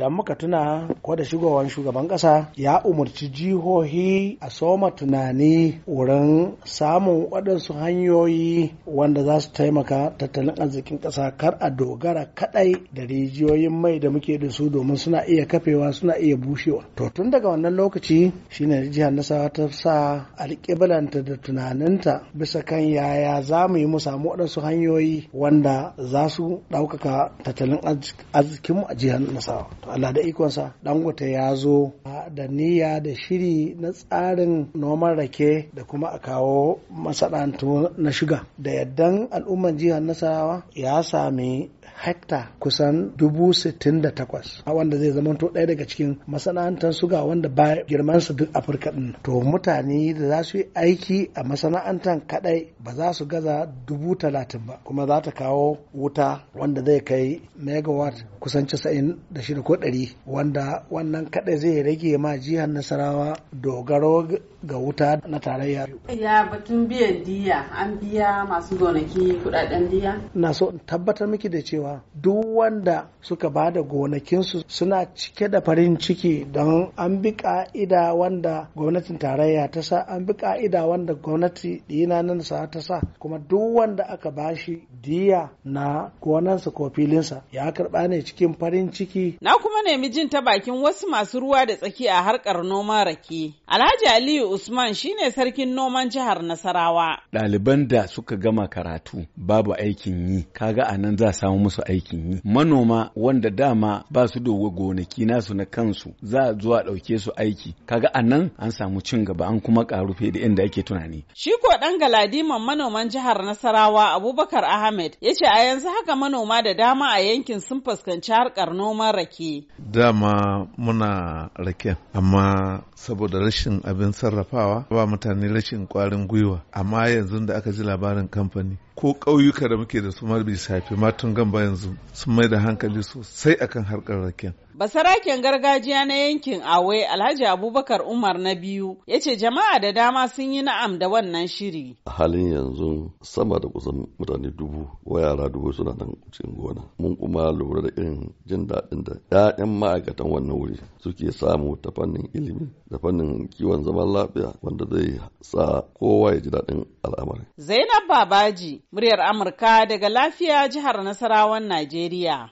idan muka tuna ko da shigowar shugaban kasa ya umarci jihohi a soma tunani wurin samun waɗansu hanyoyi wanda za su taimaka tattalin arzikin ƙasa kar a dogara kaɗai da rijiyoyin mai da muke da su domin suna iya kafewa suna iya bushewa to tun daga wannan lokaci shine jihar nasarawa ta sa alƙiblanta da tunaninta bisa kan yaya za mu yi mu samu waɗansu hanyoyi wanda za su ɗaukaka tattalin arzikinmu a jihar nasarawa Allah da ikonsa dangote ya zo da niyya da shiri na tsarin noman rake da kuma a kawo masana'antu na shiga da yaddan al'umman jihar nasarawa ya sami hekta kusan dubu sittin da takwas wanda zai zama to ɗaya daga cikin masana'antar suga wanda ba girman su duk afirka din to mutane da za su yi aiki a masana'antar kadai ba za su gaza dubu talatin ba kuma za ta kawo wuta wanda zai kai megawatt kusan casa'in da shida ko ɗari wanda wannan kadai zai rage ma jihar nasarawa dogaro ga wuta na tarayya ya batun biyan diya an biya masu gonaki kudaden diya na so tabbatar miki da cewa duk wanda suka ba da gonakinsu suna cike da farin ciki don an bi ka'ida wanda gwamnatin tarayya ta sa an bi ka'ida wanda gwamnati dina na sa ta sa kuma duk wanda aka bashi diya na gonansa ko filinsa ya karba ne cikin farin ciki na kuma nemi jin ta bakin wasu masu ruwa da tsaki sarki a harkar noman rake. Alhaji Aliyu Usman shine sarkin noman jihar Nasarawa. Ɗaliban da suka gama karatu babu aikin yi, kaga a nan za samu musu aikin yi. Manoma wanda dama ba su da gonaki nasu na kansu za a zuwa ɗauke su aiki, kaga a nan an samu cin gaba an kuma karu fiye da inda ake tunani. Shi ko ɗan galadiman manoman jihar Nasarawa Abubakar Ahmed ya ce a yanzu haka manoma da dama a yankin sun fuskanci harkar noman rake. Dama muna rake gaskiya amma saboda rashin abin sarrafawa ba mutane rashin kwarin gwiwa amma yanzu da aka ji labarin kamfani ko ƙauyuka da muke da su ma bai safi matan gamba yanzu sun mai da hankali sosai akan harkar raken. Basaraken gargajiya na yankin Awe Alhaji Abubakar Umar na biyu ya ce jama'a da dama sun yi na'am da wannan shiri. A halin yanzu sama da kusan mutane dubu wa yara dubu suna nan cikin gona. Mun kuma lura da irin jin daɗin da 'ya'yan ma'aikatan wannan wuri suke samu ta fannin ilimi da fannin kiwon zaman lafiya wanda zai sa kowa ya ji daɗin al'amari Zainab Babaji Muryar Amurka daga lafiya jihar Nasarawan Najeriya.